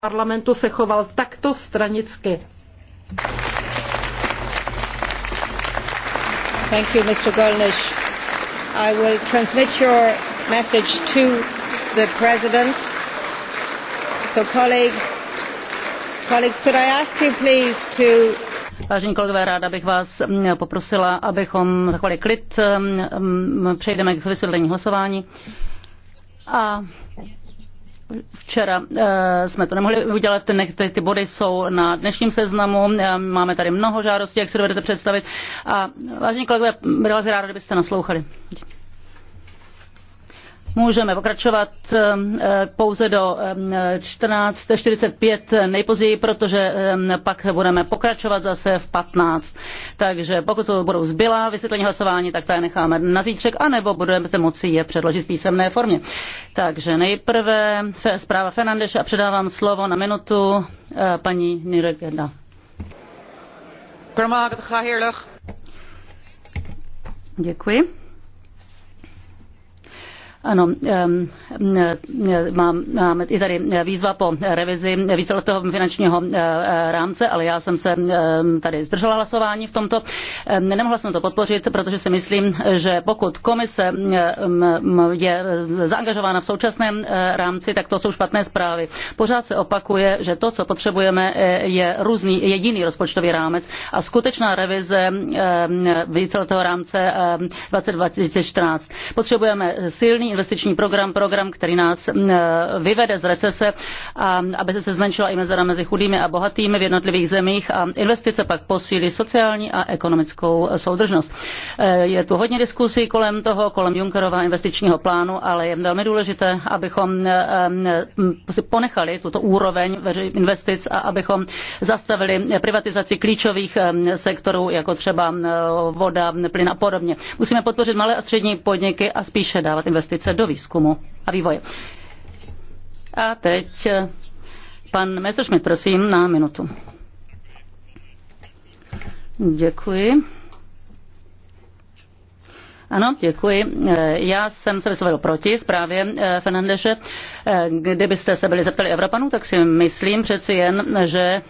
parlamentu se choval takto stranicky. Thank you, Mr. Golnish. I will transmit your message to the President. So, colleagues, colleagues, could I ask you please to Vážení kolegové, ráda bych vás mm, poprosila, abychom zachovali klid. Mm, mm, přejdeme k vysvětlení hlasování. A Včera eh, jsme to nemohli udělat, ty, ty body jsou na dnešním seznamu, eh, máme tady mnoho žádostí, jak si dovedete představit. A vážení kolegové, byla bych ráda, kdybyste naslouchali. Děkuji. Můžeme pokračovat ehm, eh, pouze do 14.45 ehm, nejpozději, protože ehm, pak budeme pokračovat zase v 15. Takže pokud jsou budou zbylá vysvětlení hlasování, tak to je necháme na zítřek, anebo budete moci je předložit v písemné formě. Takže nejprve zpráva Fernandeš a předávám slovo na minutu eh, paní Niregeda. Děkuji. Ano, mám, mám i tady výzva po revizi víceletého finančního rámce, ale já jsem se tady zdržela hlasování v tomto. Nemohla jsem to podpořit, protože si myslím, že pokud komise je zaangažována v současném rámci, tak to jsou špatné zprávy. Pořád se opakuje, že to, co potřebujeme, e, je různý jediný rozpočtový rámec a skutečná revize víceletého rámce 2014. Potřebujeme silný investiční program, program, který nás e, vyvede z recese, a aby se zmenšila i mezera mezi chudými a bohatými v jednotlivých zemích a investice pak posílí sociální a ekonomickou soudržnost. E, je tu hodně diskusí kolem toho, kolem Junckerova investičního plánu, ale je velmi důležité, abychom e, si ponechali tuto úroveň investic a abychom zastavili privatizaci klíčových sektorů, jako třeba voda, plyn a podobně. Musíme podpořit malé a střední podniky a spíše dávat investice investice do výzkumu a vývoje. A teď eh, pan Messerschmidt, prosím, na minutu. Děkuji. Ano, děkuji. Eh, já jsem se vyslovil proti zprávě eh, Fernandeše. Eh, kdybyste se byli zeptali Evropanů, tak si myslím přeci jen, že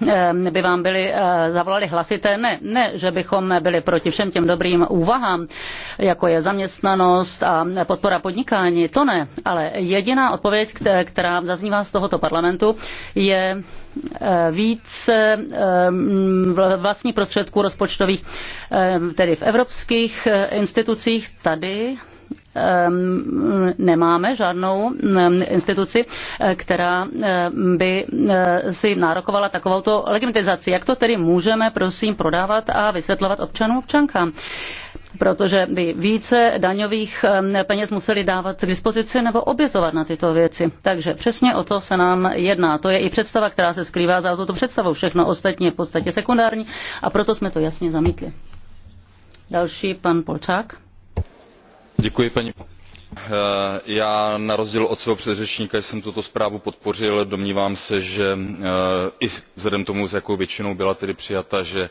by vám byli zavolali hlasité ne. Ne, že bychom byli proti všem těm dobrým úvahám, jako je zaměstnanost a podpora podnikání, to ne. Ale jediná odpověď, která zaznívá z tohoto parlamentu, je Eh, víc eh, vlastních prostředků rozpočtových, eh, tedy v evropských institucích tady nemáme žádnou instituci, která by si nárokovala takovouto legitimizaci. Jak to tedy můžeme, prosím, prodávat a vysvětlovat občanům občankám? protože by více daňových peněz museli dávat k dispozici nebo obětovat na tyto věci. Takže přesně o to se nám jedná. To je i představa, která se skrývá za tuto představou. Všechno ostatní je v podstatě sekundární a proto jsme to jasně zamítli. Další pan Polčák. Děkuji, paní eh, já na rozdíl od svého předřečníka jsem tuto zprávu podpořil domnívám se že eh, i vzhledem tomu s jakou většinou byla tedy přijata že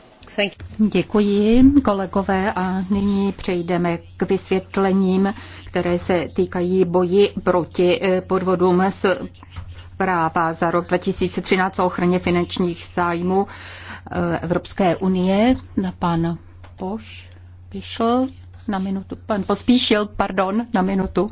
Děkuji, kolegové, a nyní přejdeme k vysvětlením, které se týkají boji proti eh, podvodům z práva za rok 2013 o ochraně finančních zájmů eh, Evropské unie. Na pan Poš vyšel na minutu, pan Pospíšil, pardon, na minutu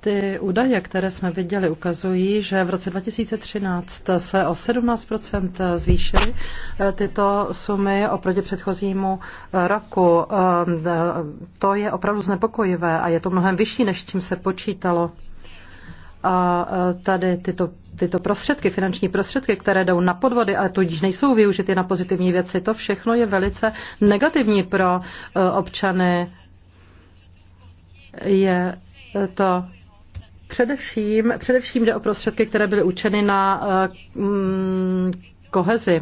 ty údaje, které jsme viděli, ukazují, že v roce 2013 se o 17 zvýšily eh, tyto sumy oproti předchozímu eh, roku. Eh, to je opravdu znepokojivé a je to mnohem vyšší, než čím se počítalo. A tady tyto, tyto prostředky, finanční prostředky, které jdou na podvody ale tudíž nejsou využity na pozitivní věci, to všechno je velice negativní pro občany. Je to Především, především jde o prostředky, které byly učeny na eh, mm, kohezi.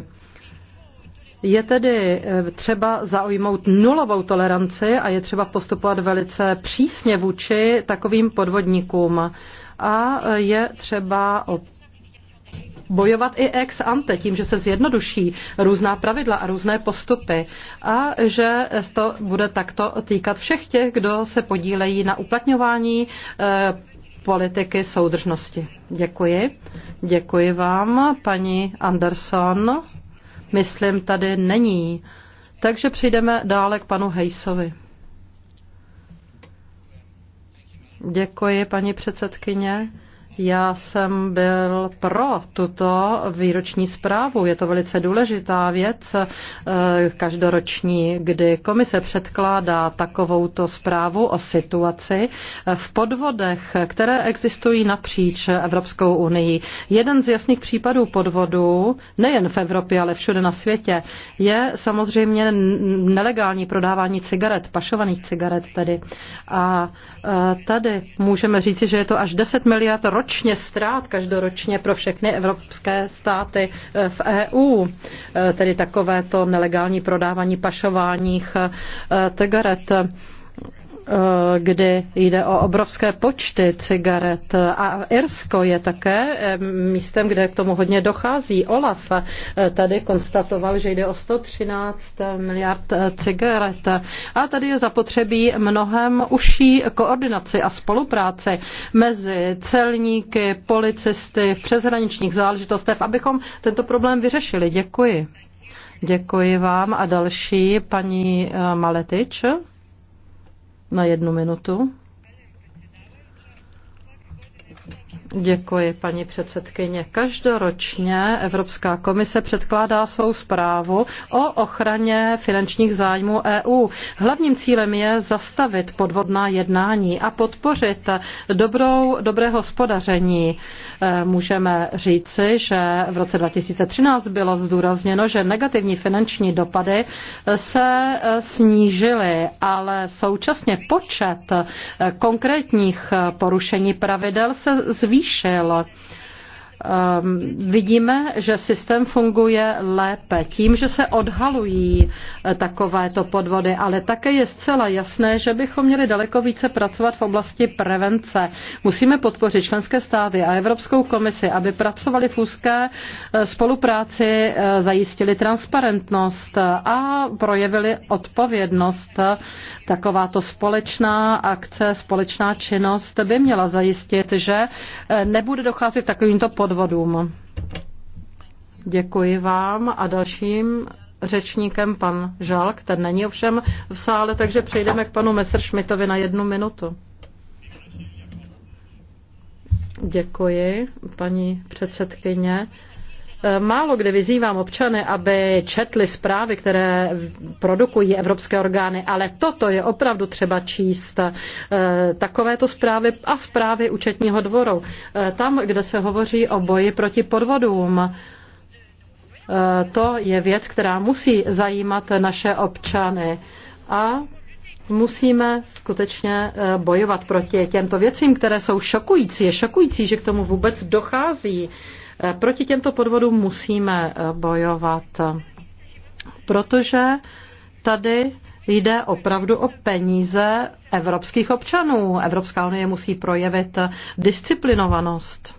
Je tedy eh, třeba zaujmout nulovou toleranci a je třeba postupovat velice přísně vůči takovým podvodníkům. A eh, je třeba bojovat i ex ante, tím, že se zjednoduší různá pravidla a různé postupy a že to bude takto týkat všech těch, kdo se podílejí na uplatňování politiky soudržnosti. Děkuji. Děkuji vám, paní Anderson. Myslím, tady není. Takže přijdeme dále k panu Hejsovi. Děkuji, paní předsedkyně. Já jsem byl pro tuto výroční zprávu. Je to velice důležitá věc eh, každoroční, kdy komise předkládá takovouto zprávu o situaci eh, v podvodech, které existují napříč Evropskou unii. Jeden z jasných případů podvodů, nejen v Evropě, ale všude na světě, je samozřejmě nelegální prodávání cigaret, pašovaných cigaret tedy. A eh, tady můžeme říci, že je to až 10 miliard ročně ročně ztrát každoročně pro všechny evropské státy eh, v EU, eh, tedy takovéto nelegální prodávání pašováních Tegaret. Eh, Eh, kdy jde o obrovské počty cigaret. A Irsko je také eh, místem, kde k tomu hodně dochází. Olaf eh, tady konstatoval, že jde o 113 miliard cigaret. A tady je zapotřebí mnohem užší koordinaci a spolupráci mezi celníky, policisty v přeshraničních záležitostech, abychom tento problém vyřešili. Děkuji. Děkuji vám a další paní Maletič na jednu minutu. Děkuji, paní předsedkyně. Každoročně Evropská komise předkládá svou zprávu o ochraně finančních zájmů EU. Hlavním cílem je zastavit podvodná jednání a podpořit dobrou, dobré hospodaření. E, můžeme říci, že v roce 2013 bylo zdůrazněno, že negativní finanční dopady se e, snížily, ale současně počet e, konkrétních porušení pravidel se zvýšil slyšel Ehm, vidíme, že systém funguje lépe tím, že se odhalují eh, takovéto podvody, ale také je zcela jasné, že bychom měli daleko více pracovat v oblasti prevence. Musíme podpořit členské státy a Evropskou komisi, aby pracovali v úzké eh, spolupráci, eh, zajistili transparentnost a projevili odpovědnost. Takováto společná akce, společná činnost by měla zajistit, že nebude docházet takovýmto podvodům podvodům. Děkuji vám a dalším řečníkem pan Žalk, ten není ovšem v sále, takže přejdeme k panu Messerschmittovi na jednu minutu. Děkuji, paní předsedkyně. Eh, málo kde vyzývám občany, aby četli zprávy, které produkují evropské orgány, ale toto je opravdu třeba číst. Eh, takovéto zprávy a zprávy účetního dvoru. Eh, tam, kde se hovoří o boji proti podvodům, to je věc, která musí zajímat naše občany. A musíme skutečně bojovat proti těmto věcím, které jsou šokující. Je šokující, že k tomu vůbec dochází. Proti těmto podvodům musíme eh, bojovat, protože tady jde opravdu o peníze evropských občanů. Evropská unie musí projevit disciplinovanost.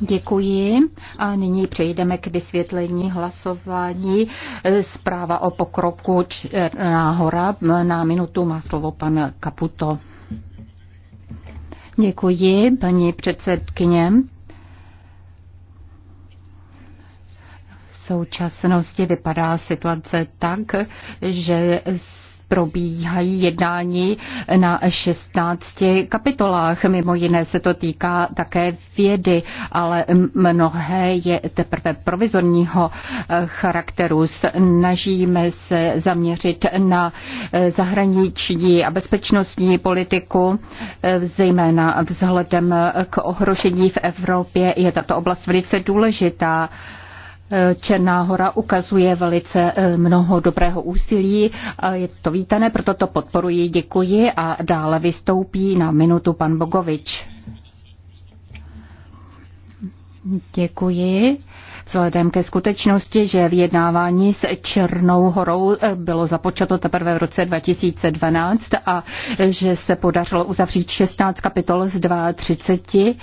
Děkuji. A nyní přejdeme k vysvětlení hlasování. Zpráva o pokroku Černá hora. Na minutu má slovo pan Kaputo. Děkuji, paní předsedkyně. V současnosti vypadá situace tak, že probíhají jednání na 16 kapitolách. Mimo jiné se to týká také vědy, ale mnohé je teprve provizorního eh, charakteru. Snažíme se zaměřit na eh, zahraniční a bezpečnostní politiku, eh, zejména vzhledem k ohrožení v Evropě je tato oblast velice důležitá. Černá hora ukazuje velice eh, mnoho dobrého úsilí. Eh, je to vítané, proto to podporuji. Děkuji a dále vystoupí na minutu pan Bogovič. Děkuji vzhledem ke skutečnosti, že vyjednávání s Černou horou eh, bylo započato teprve v roce 2012 a eh, že se podařilo uzavřít 16 kapitol z 32.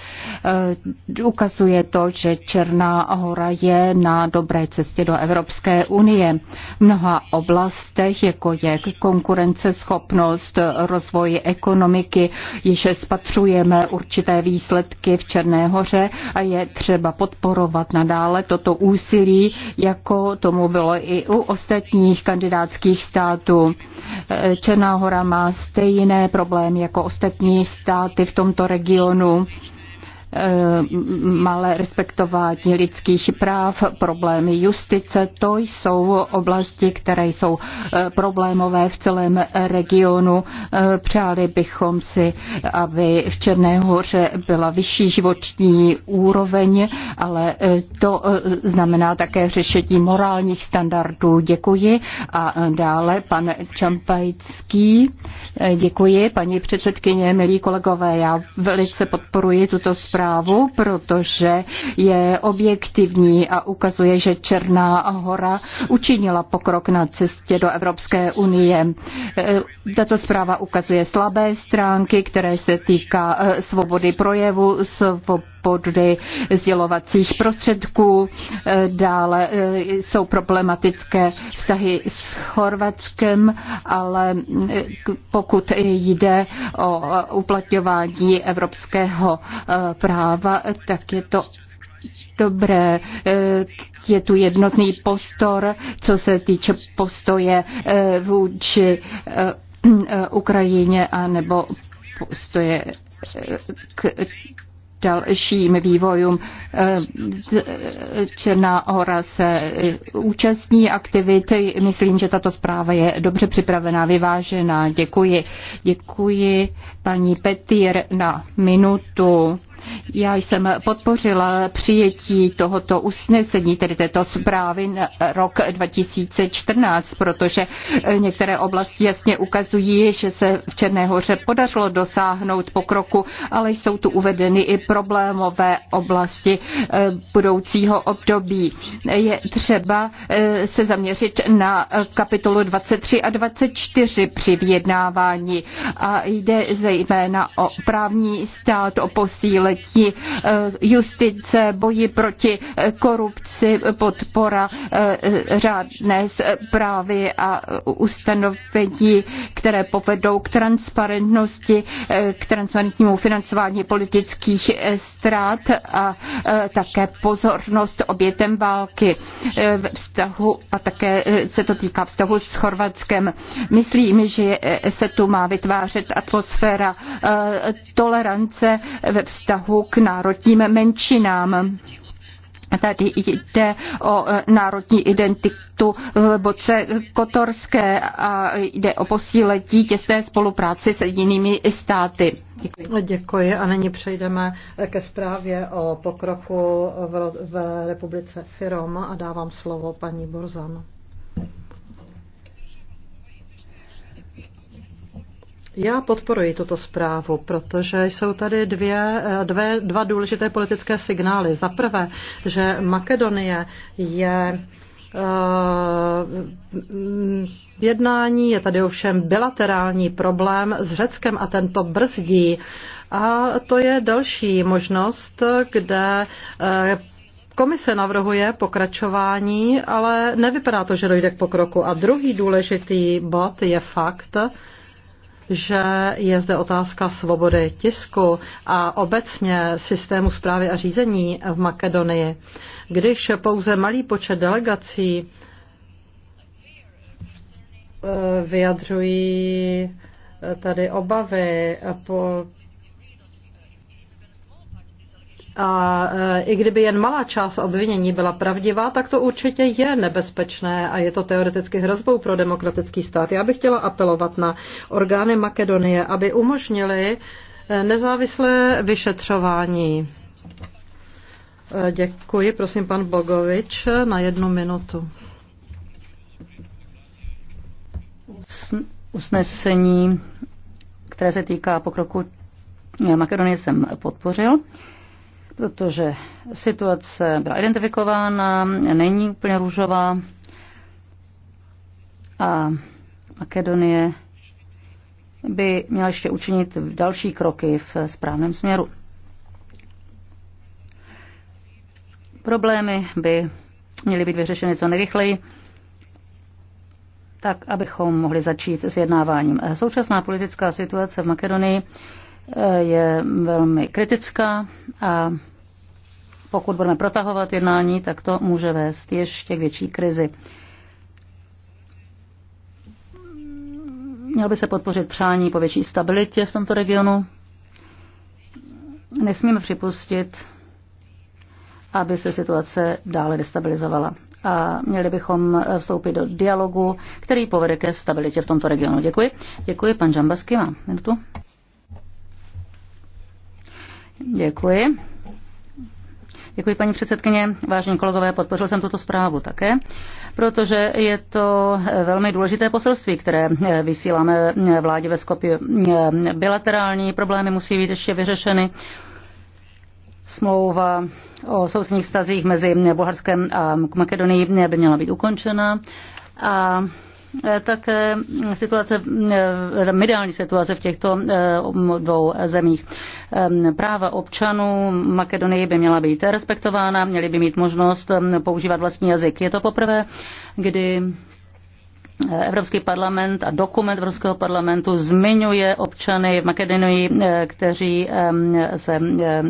Eh, ukazuje to, že Černá hora je na dobré cestě do Evropské unie. V mnoha oblastech, jako je konkurenceschopnost, rozvoj ekonomiky, již spatřujeme určité výsledky v Černé hoře a je třeba podporovat nadále to toto úsilí, jako tomu bylo i u ostatních kandidátských států. Černá hora má stejné problémy jako ostatní státy v tomto regionu. Eh, malé respektování lidských práv, problémy justice, to jsou oblasti, které jsou eh, problémové v celém regionu. Eh, přáli bychom si, aby v Černé hoře byla vyšší životní úroveň, ale to znamená také řešení morálních standardů. Děkuji. A dále pan Čampajský. Děkuji, paní předsedkyně, milí kolegové. Já velice podporuji tuto zprávu zprávu, protože je objektivní a ukazuje, že Černá hora učinila pokrok na cestě do Evropské unie. Tato zpráva ukazuje slabé stránky, které se týká eh, svobody projevu, svobody body sdělovacích prostředků, eh, dále eh, jsou problematické vztahy s Chorvatskem, ale eh, pokud jde o uplatňování evropského práva, tak je to dobré. Je tu jednotný postor, co se týče postoje vůči Ukrajině a nebo postoje k dalším vývojům. Černá hora se účastní aktivity. Myslím, že tato zpráva je dobře připravená, vyvážená. Děkuji. Děkuji paní Petýr na minutu. Já jsem podpořila přijetí tohoto usnesení, tedy této zprávy na rok 2014, protože některé oblasti jasně ukazují, že se v Černé hoře podařilo dosáhnout pokroku, ale jsou tu uvedeny i problémové oblasti eh, budoucího období. Je třeba eh, se zaměřit na kapitolu 23 a 24 při vyjednávání a jde zejména o právní stát, o posílení století, eh, justice, boji proti eh, korupci, podpora eh, řádné zprávy a ustanovení, které povedou k transparentnosti, k transparentnímu financování politických strát a také pozornost obětem války ve vztahu a také se to týká vztahu s Chorvatskem. Myslím, že se tu má vytvářet atmosféra tolerance ve vztahu vztahu k národním menšinám. Tady jde o e, národní identitu v Boce Kotorské a jde o posílení těsné spolupráci s jinými státy. Děkuji. Děkuji a nyní přejdeme ke zprávě o pokroku v, v republice Firom a dávám slovo paní Borzano. Já podporuji tuto zprávu, protože jsou tady dvě, dvě, dva důležité politické signály. Za prvé, že Makedonie je eh, jednání, je tady ovšem bilaterální problém s Řeckem a tento brzdí. A to je další možnost, kde eh, Komise navrhuje pokračování, ale nevypadá to, že dojde k pokroku. A druhý důležitý bod je fakt, že je zde otázka svobody tisku a obecně systému zprávy a řízení v Makedonii. Když pouze malý počet delegací eh, vyjadřují eh, tady obavy po a e, i kdyby jen malá část obvinění byla pravdivá, tak to určitě je nebezpečné a je to teoreticky hrozbou pro demokratický stát. Já bych chtěla apelovat na orgány Makedonie, aby umožnili e, nezávislé vyšetřování. E, děkuji, prosím, pan Bogovič, na jednu minutu. Usnesení, které se týká pokroku Makedonie, jsem podpořil protože situace byla identifikována, není úplně růžová a Makedonie by měla ještě učinit další kroky v správném směru. Problémy by měly být vyřešeny co nejrychleji, tak abychom mohli začít s vyjednáváním. Současná politická situace v Makedonii je velmi kritická a pokud budeme protahovat jednání, tak to může vést ještě k větší krizi. Měl by se podpořit přání po větší stabilitě v tomto regionu. Nesmíme připustit, aby se situace dále destabilizovala. A měli bychom vstoupit do dialogu, který povede ke stabilitě v tomto regionu. Děkuji. Děkuji, pan Džambasky má minutu. Děkuji. Děkuji, paní předsedkyně. Vážení kolegové, podpořil jsem tuto zprávu také, protože je to velmi důležité poselství, které vysíláme vládě ve Skopě. Bilaterální problémy musí být ještě vyřešeny smlouva o sousedních vztazích mezi Bulharskem a Makedonií by měla být ukončena. A Eh, tak eh, situace, eh, mediální situace v těchto dvou zemích. Práva občanů Makedonii by měla být respektována, měli by mít možnost používat vlastní jazyk. Je to poprvé, kdy Evropský parlament a dokument Evropského parlamentu zmiňuje občany v Makedonii, eh, kteří se eh,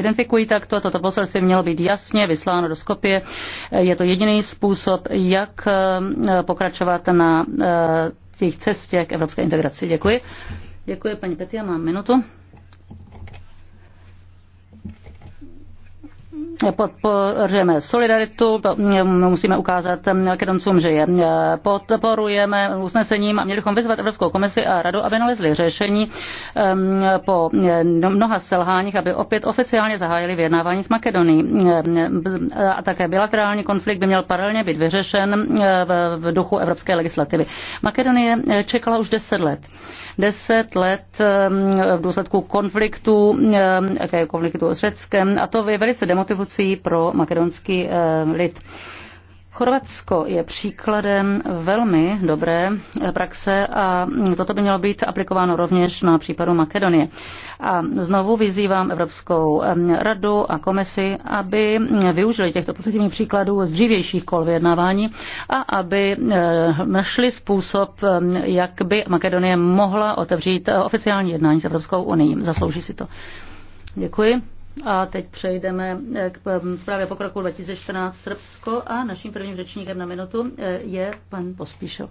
identifikují takto. Toto poselství mělo být jasně vysláno do Skopje. Je to jediný způsob, jak eh, pokračovat na těch cestě k evropské integraci. Děkuji. Děkuji, paní Petia, mám minutu. podporujeme solidaritu, mm, musíme ukázat Makedoncům, mm, že je mm, podporujeme usnesením a měli bychom vyzvat Evropskou komisi a radu, aby nalezli řešení po mnoha selháních, aby opět oficiálně zahájili vyjednávání s Makedonií. A také bilaterální konflikt by měl paralelně být vyřešen v duchu evropské legislativy. Makedonie eh, čekala už deset let deset let v důsledku konfliktu, konfliktu s Řeckem a to je velice demotivující pro makedonský lid. Chorvatsko je příkladem velmi dobré praxe a toto by mělo být aplikováno rovněž na případu Makedonie. A znovu vyzývám Evropskou radu a komisi, aby využili těchto pozitivních příkladů z dřívějších kol vyjednávání a aby eh, našli způsob, jak by Makedonie mohla otevřít eh, oficiální jednání s Evropskou unii. Zaslouží si to. Děkuji. A teď přejdeme eh, k eh, zprávě pokroku 2014 Srbsko a naším prvním řečníkem na minutu eh, je pan Pospíšov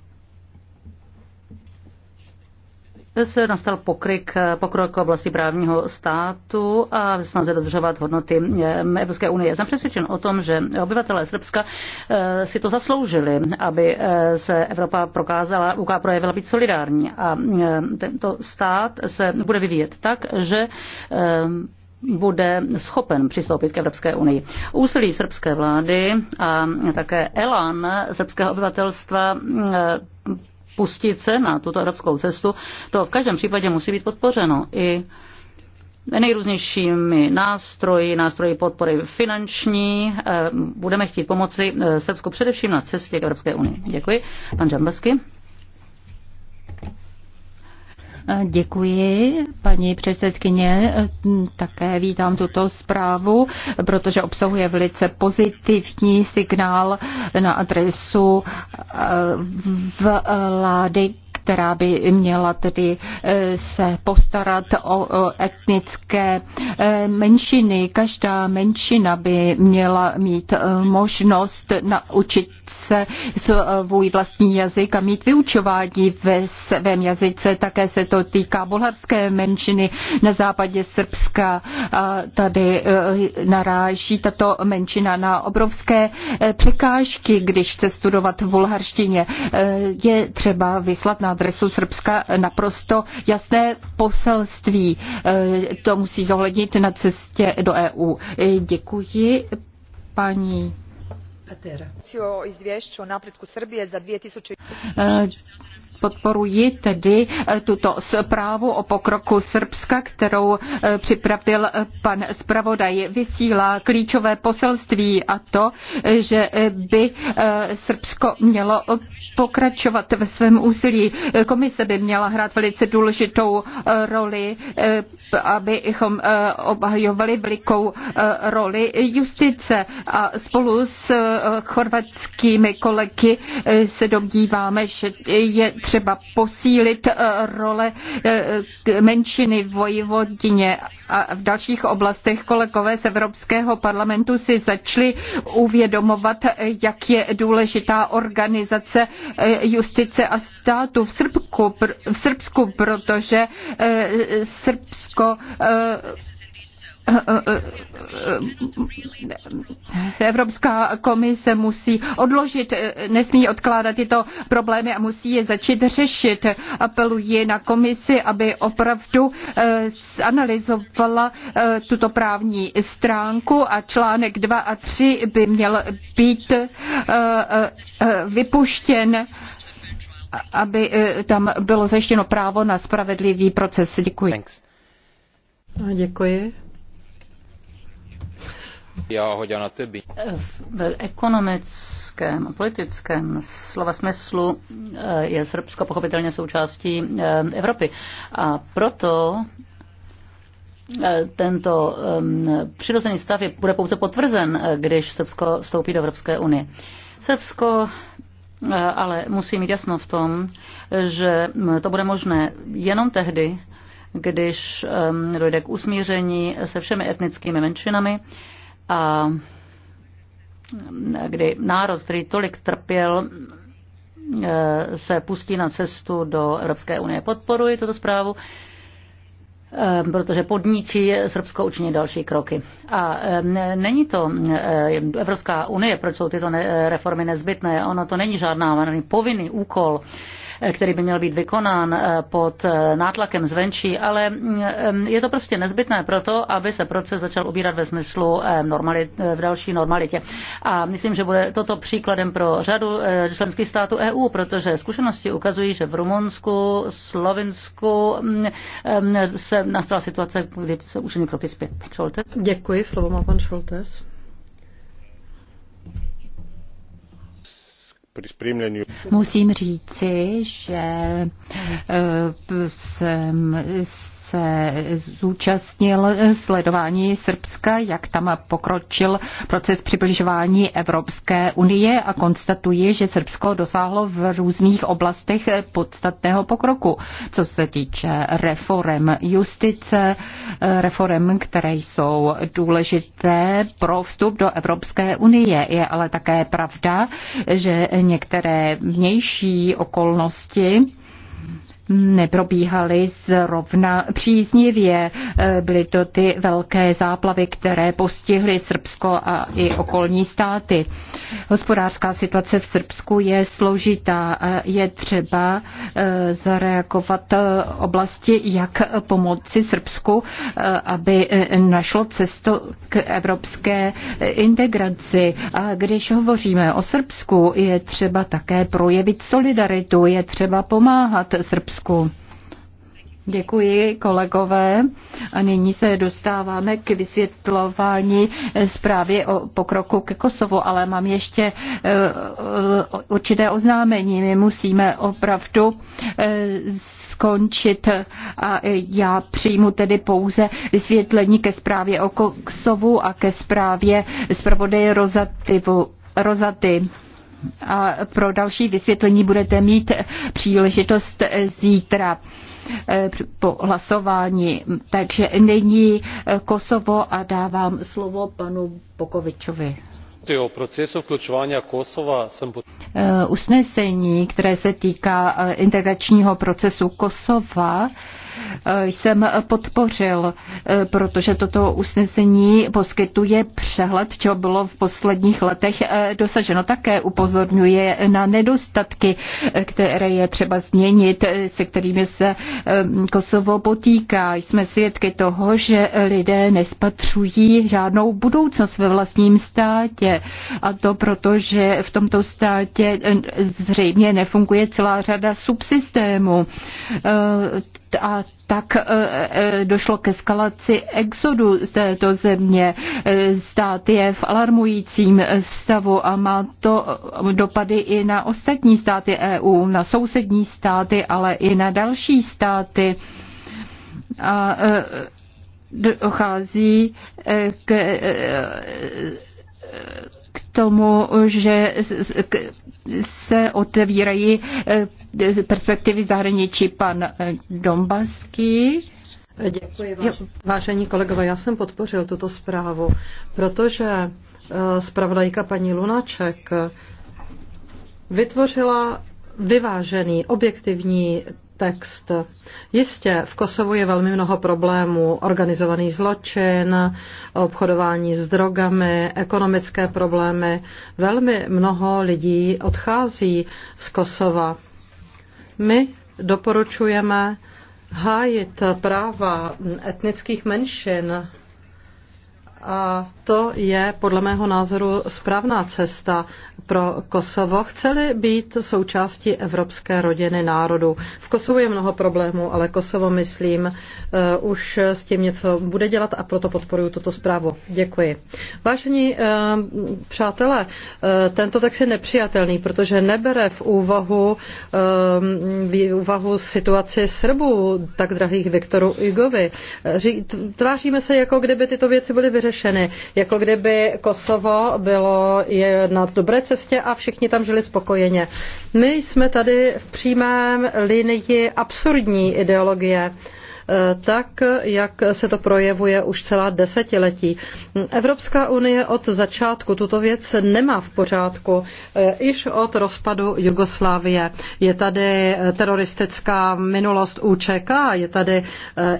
se nastal pokryk, pokrok oblasti právního státu a v snaze dodržovat hodnoty eh, Evropské unie. Jsem přesvědčen o tom, že obyvatelé Srbska eh, si to zasloužili, aby eh, se Evropa prokázala, UK projevila být solidární a tento stát se bude vyvíjet tak, že bude schopen přistoupit k Evropské unii. Úsilí srbské vlády a také elan srbského obyvatelstva pustit se na tuto arabskou cestu, to v každém případě musí být podpořeno i nejrůznějšími nástroji, nástroji podpory finanční. Eh, budeme chtít pomoci eh, Srbsku především na cestě k Evropské unii. Děkuji. Pan Džambasky. Děkuji, paní předsedkyně. Také vítám tuto zprávu, protože obsahuje velice pozitivní signál na adresu eh, vlády která by měla tedy eh, se postarat o etnické eh, menšiny. Každá menšina by měla mít eh, možnost naučit se svůj vlastní jazyk a mít vyučování ve svém jazyce. Také se to týká bulharské menšiny na západě Srbska. A tady naráží tato menšina na obrovské překážky, když chce studovat v bulharštině. Je třeba vyslat na na adresu Srbska naprosto jasné poselství. E, to musí zohlednit na cestě do EU. E, děkuji, paní Patera. o izvješću o napretku Srbije za 2000... Podporuji tedy eh, tuto zprávu o pokroku Srbska, kterou eh, připravil eh, pan zpravodaj. Vysílá klíčové poselství a to, že by Srbsko mělo pokračovat ve svém úsilí. Komise by měla hrát velice důležitou roli abychom eh, obhajovali velikou eh, roli justice. A spolu s eh, chorvatskými kolegy se domníváme, že je třeba posílit role menšiny vojvodině a v dalších oblastech kolegové z Evropského parlamentu si začali uvědomovat, jak je důležitá organizace justice a státu v Srbsku, v Srbsku protože Srbsko jako Evropská komise musí odložit, nesmí odkládat tyto problémy a musí je začít řešit. Apeluji na komisi, aby opravdu analyzovala tuto právní stránku a článek 2 a 3 by měl být vypuštěn aby tam bylo zajištěno právo na spravedlivý proces. Děkuji. Thanks. No, děkuji. V ekonomickém a politickém slova smyslu eh, je Srbsko pochopitelně součástí eh, Evropy. A proto eh, tento přirozený stav je, bude pouze potvrzen, když Srbsko vstoupí do Evropské unie. Srbsko ale musí mít jasno v tom, že to bude možné jenom tehdy, když dojde k usmíření se všemi etnickými menšinami a kdy národ, který tolik trpěl, se pustí na cestu do Evropské unie. Podporuji tuto zprávu protože podnítí Srbsko učinit další kroky. A není to Evropská unie, proč jsou tyto reformy nezbytné. Ono to není žádná není povinný úkol který by měl být vykonán eh, pod eh, nátlakem zvenčí, ale mm, eh, je to prostě nezbytné proto, aby se proces začal ubírat ve smyslu normalit, v další normalitě. A myslím, že bude toto příkladem pro řadu členských států EU, protože zkušenosti ukazují, že v Rumunsku, Slovensku mm, se nastala situace, kdy se už kroky zpět. Šoltes? Děkuji, slovo má pan Šoltes. Musím říci, že eh, jsem se zúčastnil sledování Srbska, jak tam pokročil proces přibližování Evropské unie a konstatuje, že Srbsko dosáhlo v různých oblastech podstatného pokroku, co se týče reform justice, reform, které jsou důležité pro vstup do Evropské unie. Je ale také pravda, že některé vnější okolnosti neprobíhaly zrovna příznivě. E, byly to ty velké záplavy, které postihly Srbsko a i okolní státy. Hospodářská situace v Srbsku je složitá. Je třeba e, zareagovat e, oblasti, jak pomoci Srbsku, aby našlo cestu k evropské integraci. A když hovoříme o Srbsku, je třeba také projevit solidaritu, je třeba pomáhat Srbsku Bulharsku. Děkuji, kolegové. A nyní se dostáváme k vysvětlování zprávy o pokroku ke Kosovu, ale mám ještě eh, eh, určité oznámení. My musíme opravdu eh, skončit a já přijmu tedy pouze vysvětlení ke zprávě o Kosovu a ke zprávě zpravodaje Rozaty. A pro další vysvětlení budete mít příležitost zítra eh, po hlasování. Takže nyní eh, Kosovo a dávám slovo panu Pokovičovi. O procesu vključování Kosova jsem... Eh, usnesení, které se týká integračního procesu Kosova, jsem podpořil, protože toto usnesení poskytuje přehled, co bylo v posledních letech eh, dosaženo. Také upozorňuje na nedostatky, které je třeba změnit, eh, se kterými se eh, Kosovo potýká. Jsme svědky toho, že lidé nespatřují žádnou budoucnost ve vlastním státě. A to proto, že v tomto státě zřejmě nefunguje celá řada subsystémů a tak e, e, došlo ke skalaci exodu z této země. E, stát je v alarmujícím stavu a má to dopady i na ostatní státy EU, na sousední státy, ale i na další státy. A dochází k, k tomu, že se otevírají eh, perspektivy zahraničí. Pan eh, Dombaský. Děkuji, vážení. vážení kolegové. Já jsem podpořil tuto zprávu, protože eh, zpravodajka paní Lunaček vytvořila vyvážený, objektivní text. Jistě, v Kosovu je velmi mnoho problémů. Organizovaný zločin, obchodování s drogami, ekonomické problémy. Velmi mnoho lidí odchází z Kosova. My doporučujeme hájit práva etnických menšin a to je podle mého názoru správná cesta pro Kosovo. Chceli být součástí evropské rodiny národů. V Kosovu je mnoho problémů, ale Kosovo, myslím, eh, už s tím něco bude dělat a proto podporuji tuto zprávu. Děkuji. Vážení eh, přátelé, eh, tento text je nepřijatelný, protože nebere v úvahu, v úvahu situaci Srbů, tak drahých Viktoru Igovi. Tváříme se, jako kdyby tyto věci byly vyřešeny. Jako kdyby Kosovo bylo je na dobré cestě a všichni tam žili spokojeně. My jsme tady v přímém linii absurdní ideologie. Eh, tak, jak se to projevuje už celá desetiletí. Evropská unie od začátku tuto věc nemá v pořádku. Eh, iž od rozpadu Jugoslávie je tady eh, teroristická minulost UČK, je tady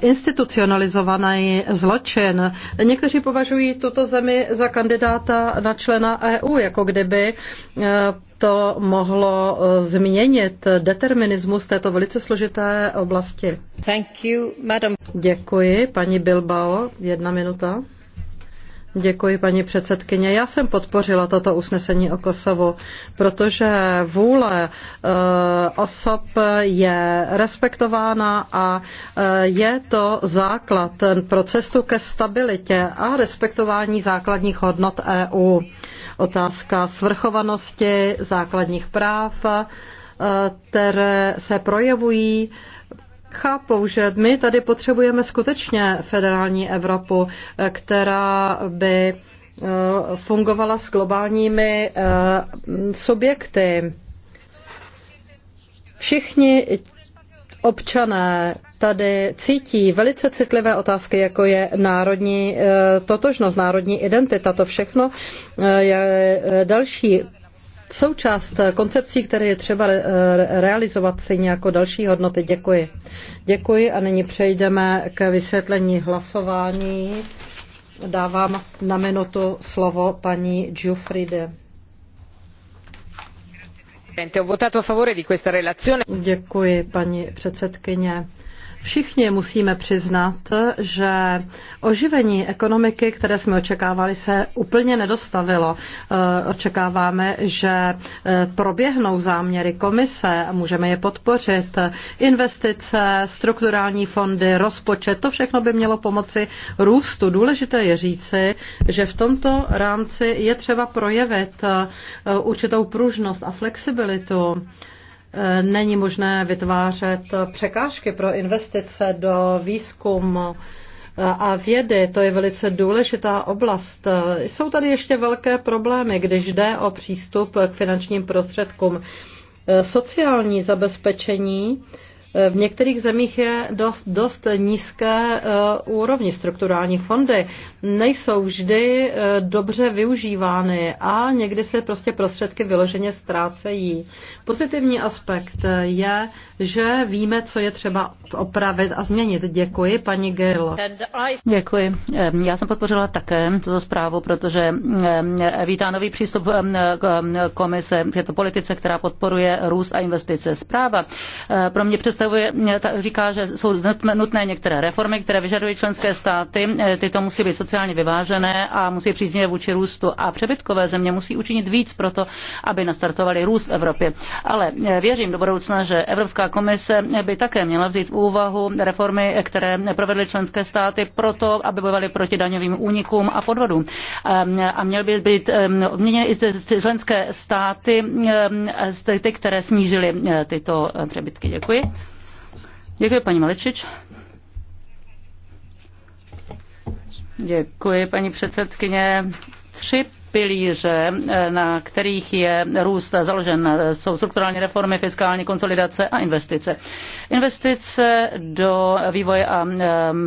institucionalizovaný zločin. Někteří považují tuto zemi za kandidáta na člena EU, jako kdyby to mohlo eh, změnit determinismus této velice složité oblasti. Thank you, madam. Děkuji, paní Bilbao, jedna minuta. Děkuji, paní předsedkyně. Já jsem podpořila toto usnesení o Kosovu, protože vůle eh, osob je respektována a eh, je to základ pro cestu ke stabilitě a respektování základních hodnot EU otázka svrchovanosti základních práv, eh, které se projevují Chápou, že my tady potřebujeme skutečně federální Evropu, eh, která by eh, fungovala s globálními subjekty. Všichni občané tady cítí velice citlivé otázky, jako je národní eh, totožnost, národní identita. To všechno eh, je eh, další součást koncepcí, které je třeba realizovat si jako další hodnoty. Děkuji. Děkuji a nyní přejdeme k vysvětlení hlasování. Dávám na minutu slovo paní Giuffride. Děkuji, paní předsedkyně. Všichni musíme přiznat, že oživení ekonomiky, které jsme očekávali, se úplně nedostavilo. Eh, očekáváme, že eh, proběhnou záměry komise, můžeme je podpořit, investice, strukturální fondy, rozpočet, to všechno by mělo pomoci růstu. Důležité je říci, že v tomto rámci je třeba projevit eh, určitou pružnost a flexibilitu Není možné vytvářet překážky pro investice do výzkumu a vědy, to je velice důležitá oblast. Jsou tady ještě velké problémy, když jde o přístup k finančním prostředkům. Sociální zabezpečení v některých zemích je dost, dost nízké eh, úrovni strukturální fondy. Nejsou vždy eh, dobře využívány a někdy se prostě prostředky vyloženě ztrácejí. Pozitivní aspekt eh, je, že víme, co je třeba opravit a změnit. Děkuji, paní Gill. Děkuji. Já jsem podpořila také tuto zprávu, protože vítá nový přístup komise k této politice, která podporuje růst a investice. Zpráva pro mě přes představuje, eh, říká, že jsou nutné některé reformy, které vyžadují členské státy. Eh, tyto musí být sociálně vyvážené a musí příznivě vůči růstu. A přebytkové země musí učinit víc pro to, aby nastartovali růst v Evropě. Ale eh, věřím do budoucna, že Evropská komise by také měla vzít v úvahu reformy, které provedly členské státy proto, aby bojovaly proti daňovým únikům a podvodům. Ehm, a měly by být ehm, odměněny i členské státy, ehm, ty, které snížily tyto přebytky. Děkuji. Děkuji, paní Malečič. Děkuji, paní předsedkyně. Tři pilíře, eh, na kterých je růst založen, eh, jsou strukturální reformy, fiskální konsolidace a investice. Investice do vývoje a eh,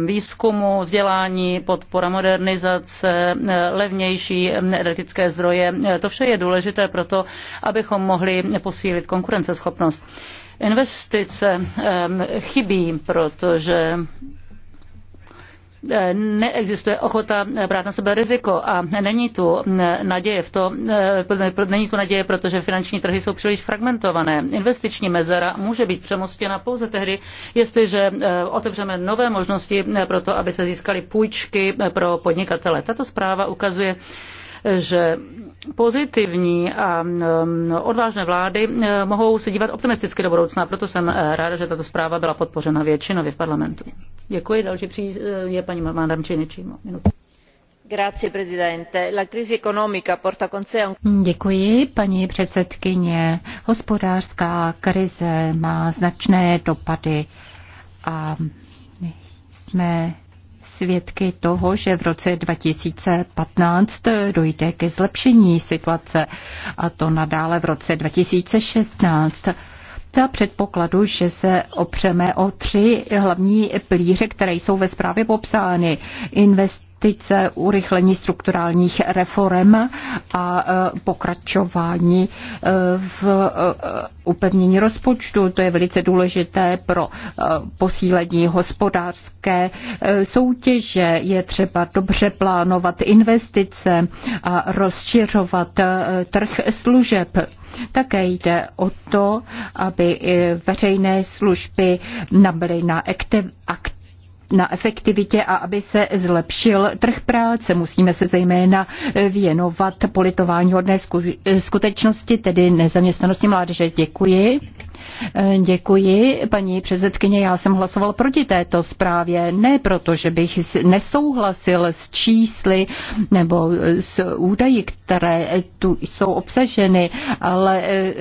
výzkumu, vzdělání, podpora modernizace, levnější energetické zdroje, to vše je důležité proto, abychom mohli posílit konkurenceschopnost. Investice chybí, protože neexistuje ochota brát na sebe riziko a není tu naděje v to, není tu naděje, protože finanční trhy jsou příliš fragmentované. Investiční mezera může být přemostěna pouze tehdy, jestliže otevřeme nové možnosti pro to, aby se získaly půjčky pro podnikatele. Tato zpráva ukazuje, že pozitivní a um, odvážné vlády uh, mohou se dívat optimisticky do budoucna. Proto jsem uh, ráda, že tato zpráva byla podpořena většinově v parlamentu. Děkuji. Další pří uh, je paní Madam Činičímo. Děkuji, paní předsedkyně. Hospodářská krize má značné dopady a jsme svědky toho, že v roce 2015 dojde ke zlepšení situace a to nadále v roce 2016 za předpokladu, že se opřeme o tři hlavní plíře, které jsou ve zprávě popsány. Invest politice, urychlení strukturálních reform a e, pokračování e, v e, upevnění rozpočtu. To je velice důležité pro posílení hospodářské soutěže. Je třeba dobře plánovat investice a rozšiřovat trh služeb. Také jde o to, aby veřejné služby nabyly na aktivitě na efektivitě a aby se zlepšil trh práce. Musíme se zejména věnovat politování hodné skutečnosti, tedy nezaměstnanosti mládeže. Děkuji. Děkuji, paní předsedkyně. Já jsem hlasoval proti této zprávě, ne proto, že bych nesouhlasil s čísly nebo s údaji, které tu jsou obsaženy, ale eh,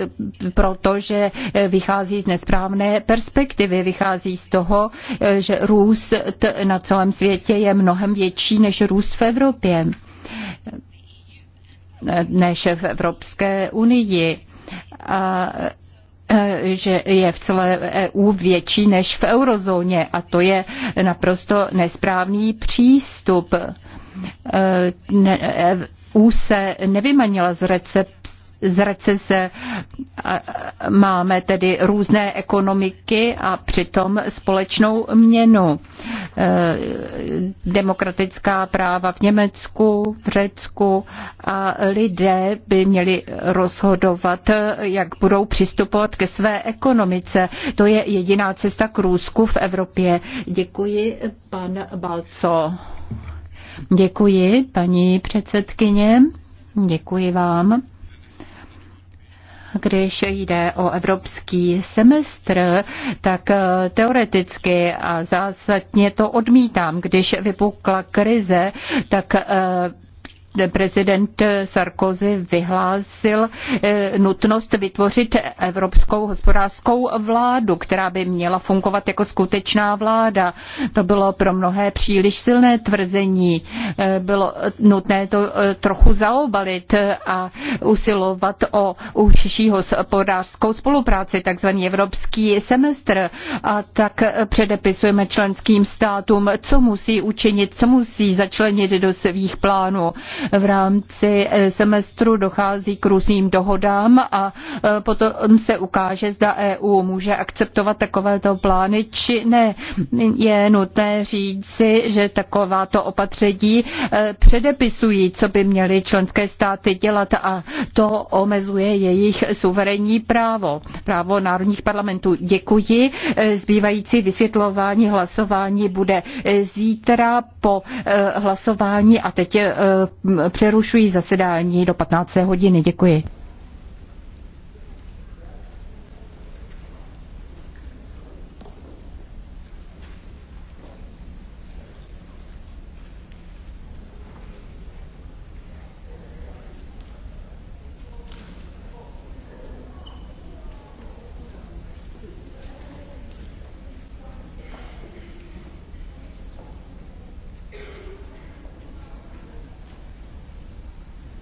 proto, že vychází z nesprávné perspektivy. Vychází z toho, eh, že růst na celém světě je mnohem větší než růst v Evropě než v Evropské unii. A Eh, že je v celé EU větší než v eurozóně a to je naprosto nesprávný přístup. EU eh, e se nevymanila z recept z recese máme tedy různé ekonomiky a přitom společnou měnu. Eh, demokratická práva v Německu, v Řecku a lidé by měli rozhodovat, jak budou přistupovat ke své ekonomice. To je jediná cesta k růzku v Evropě. Děkuji, pan Balco. Děkuji, paní předsedkyně. Děkuji vám. Když jde o evropský semestr, tak eh, teoreticky a zásadně to odmítám. Když vypukla krize, tak eh, prezident Sarkozy vyhlásil eh, nutnost vytvořit evropskou hospodářskou vládu, která by měla fungovat jako skutečná vláda. To bylo pro mnohé příliš silné tvrzení. Eh, bylo nutné to eh, trochu zaobalit a usilovat o užší hospodářskou spolupráci, takzvaný evropský semestr. A tak předepisujeme členským státům, co musí učinit, co musí začlenit do svých plánů. V rámci eh, semestru dochází k různým dohodám a eh, potom se ukáže, zda EU může akceptovat takovéto plány, či ne. Je nutné říci, že takováto opatření eh, předepisují, co by měly členské státy dělat a to omezuje jejich suverénní právo, právo národních parlamentů. Děkuji. Zbývající vysvětlování hlasování bude zítra po hlasování a teď přerušuji zasedání do 15. hodiny. Děkuji.